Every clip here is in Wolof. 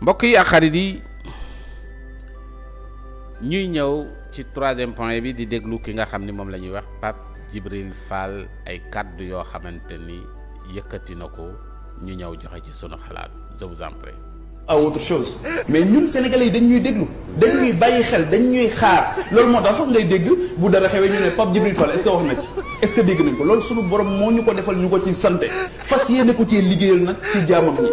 mbokk yi ak xarit yi ñuy ñëw ci troisième point bi di déglu ki nga xam ni moom la ñuy wax Pape Djibril Fall ay kàddu yoo xamante ni yëkkati na ko ñu ñëw joxe ci sunu xalaat je vous en aw autre chose mais ñun sénégalais yi dañ ñuy déglu dañ ñuy bàyyi xel dañ ñuy xaar lool moo tax sax ngay dégg bu dara xewee ñu ne Pape Djibril Fall est-ce que wax na ci est-ce que dégg nañ ko loolu suñu borom moo ñu ko defal ñu ko ci santé fas yéene ko ci liggéeyal nag ci jaamam ñi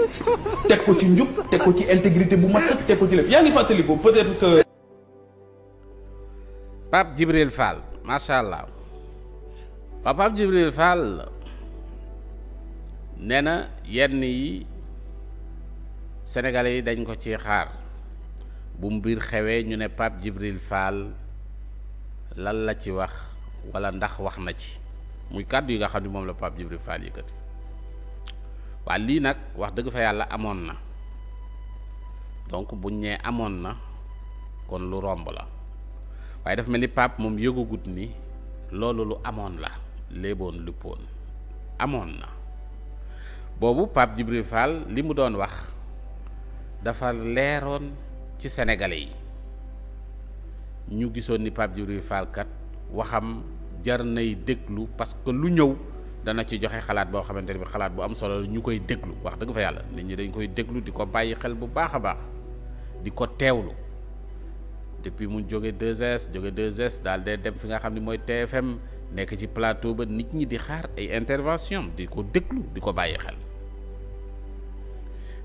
teg ko ci njub teg ko ci intégrité bu mat sëkk teg ko ci lépp yaa ngi fàttaliku peut-être que. Pape Djibril Fall macha allah Pape Djibril Fall nee na yenn yi. sénégalais yi dañ ko ci xaar bu mbir xewee ñu ne Pape Djibril Fall lan la ci wax wala ndax wax na ci muy kàddu yi nga xam ne moom la Pape Djibril Fall yëkkati waa lii nag wax dëgg fa yàlla amoon na donc buñ nee amoon na kon lu romb la waaye dafa mel ni Pape moom yëgugut ni loolu lu amoon la léeboon luppoon amoon na boobu Pape Djibril Fall li mu doon wax dafa leeroon ci sénégalais yi ñu gisoon ni Pape Djibril Fall kat waxam jar nay déglu parce que lu ñëw dana ci joxe xalaat boo xamante ne bi xalaat bu am solo ñu koy déglu wax dëgg fa yàlla nit ñi dañ koy déglu di ko bàyyi xel bu baax a baax di ko teewlu depuis mu jóge 2S jóge 2S daal de dem fi nga xam ne mooy TFM nekk ci plateau ba nit ñi di xaar ay intervention di ko déglu di ko bàyyi xel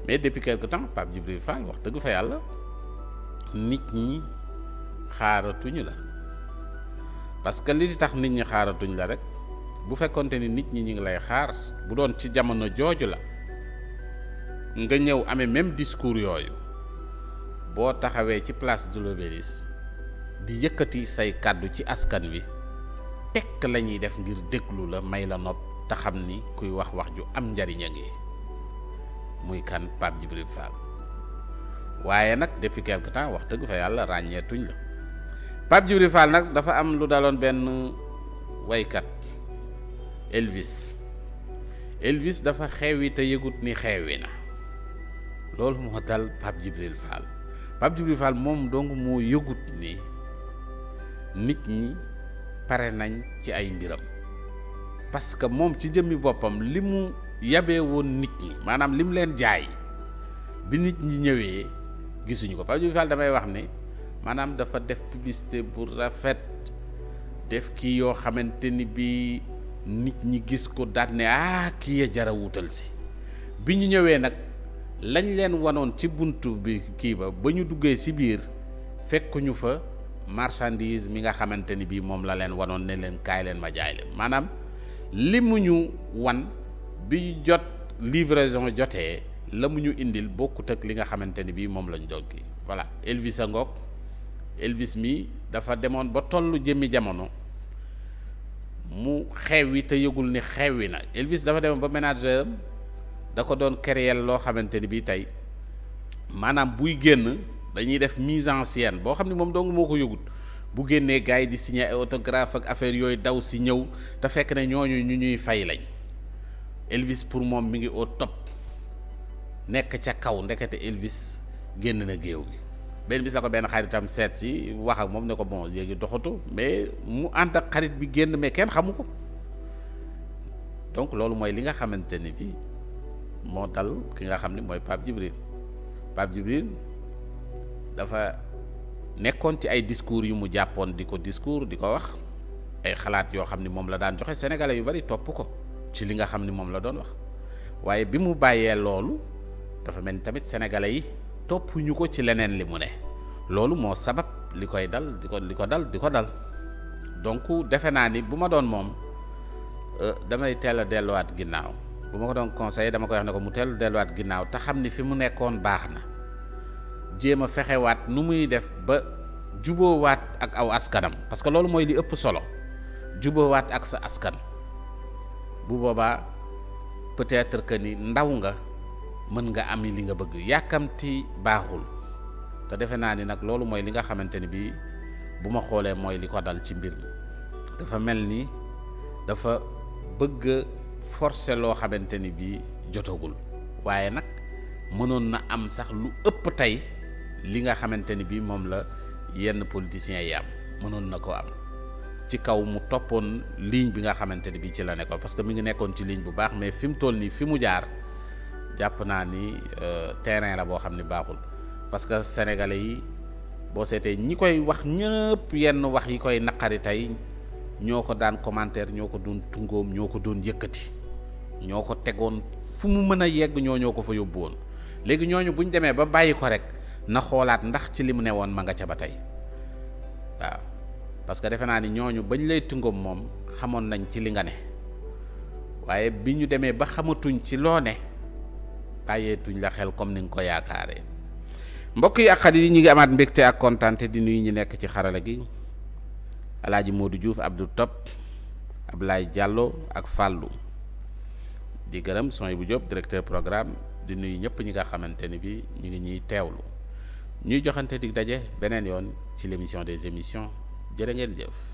mais depuis quelque temps Pape Djibril Fall wax dëgg fa yàlla nit ñi xaaratuñu la parce que li tax nit ñi xaaratuñ la rek bu fekkonte ni nit ñi ñu ngi lay xaar bu doon ci jamono jooju la nga ñëw amee même discours yooyu boo taxawee ci place de l'Obélisque di yëkkati say kàddu ci askan wi tekk lañuy def ngir déglu la may la nopp te xam ni kuy wax wax ju am njariñ a ngi muy kan Pape Djibril Fall waaye nag depuis quelque wax dëgg fa yàlla ràññeetuñ la Pape Djibril Fall nag dafa am lu daloon benn waykat Elvis Elvis dafa xewi te yëgut ni xewi na loolu moo dal Pape Djibril Fall Pape Djibril Fall moom donc moo yëgut ni nit ñi pare nañ ci ay mbiram parce moom ci jëmmi boppam li mu yabee woon nit ñi maanaam li mu leen jaay bi nit ñi ñëwee gisuñu ko Pape Djibril Fall damay wax ne maanaam dafa def publicité bu rafet def kii yoo xamante ni bi nit ñi gis ko daal ne ah kii ya jara wutal si bi ñu ñëwee nag lañ leen wanoon ci bunt bi kii ba ba ñu duggee si biir fekkuñu fa marchandise mi nga xamante ni bii moom la leen wanoon ne leen kaay leen ma jaay leen maanaam li mu ñu wan bi jot livraison jotee la mu ñu indil bokkut ak li nga xamante ni bii moom lañ doggi voilà Elvis a ngoog Elvis mi dafa demoon ba toll jëmmi jamono mu xewwi te yëgul ni xewwi na Elvis dafa demoon ba ménager am da ko doon créer loo xamante ni bii tey maanaam buy génn dañuy def mise en scène boo xam ne moom dong moo ko yëgut bu génnee gars yi di signer ay autographe ak affaire yooyu daw si ñëw te fekk ne ñooñu ñu ñuy fay lañ Elvis pour moom mi ngi au top nekk ca kaw ndekete Elvis génn na géew gi benn bis la ko benn xaritam seet si wax ak moom ne ko bon léegi doxatu mais mu ànt ak xarit bi génn mais kenn xamu ko donc loolu mooy li nga xamante ni bi moo dal ki nga xam ni mooy Pape Djibril Pape Djibril dafa nekkoon ci ay discours yu mu jàppoon di ko discours di ko wax ay xalaat yoo xam ni moom la daan joxe sénégalais yu bari topp ko ci li nga xam ni moom la doon wax waaye bi mu bàyyee loolu dafa mel ni tamit sénégalais yi toppuñu ko ci leneen li mu ne loolu moo sabab li koy dal di ko li ko dal di ko dal donc defe naa ni bu ma doon moom euh, damay teel a delluwaat ginnaaw bu ma ko doon conseillé dama koy wax ne ko mu teel delluwaat ginnaaw te xam ni fi mu nekkoon baax na jéem a fexewaat nu muy def ba juboowaat ak aw askanam parce que loolu mooy li ëpp solo juboowaat ak sa askan. bu boobaa peut-être que ni ndaw nga mën nga ami li nga bëgg yàkkamti baaxul te defe naa ni nag loolu mooy li nga xamante ni bii bu ma xoolee mooy li ko dal ci mbir mi dafa mel ni dafa bëgg a forcer loo xamante ni bii jotagul waaye nag mënoon na am sax lu ëpp tey li nga xamante ni bii moom la yenn politiciens yi am mënoon na ko am. ci kaw mu toppoon ligne bi nga xamante ni bii ci la nekkoon parce que mi ngi nekkoon ci ligne bu baax mais fi mu nii fi mu jaar jàpp naa ni euh, terrain la boo xam ni baaxul parce que sénégalais yi boo seetee ñi koy wax ñëpp yenn wax yi koy naqari tey ñoo ko daan commentaire ñoo ko doon tungoom ñoo ko doon yëkkati ñoo ko tegoon fu mu mën a yegg ñoo ñoo ko fa yóbbu woon léegi ñooñu bu ñu demee ba bàyyi ko rek na xoolaat ndax ci li mu ne woon ma nga ca ba tey waaw. parce que defe naa ni ñooñu bañ lay tungoom moom xamoon nañ ci li nga ne waaye bi ñu demee ba xamatuñ ci loo ne bàyyeetuñ la xel comme ni nga ko yaakaaree mbokk yi ak yi ñu ngi amaat mbégte ak kontaante di nuyu ñu nekk ci xarala gi alaaji Modou Diouf Abdou Top Ablaye Diallo ak Fallou di gërëm sony bu Diop directeur programme di nuyu ñëpp ñi nga xamante ni bi ñu ngi ñuy teewlu ñuy joxante dig daje beneen yoon ci l'émission des émissions jërë ngeen jëf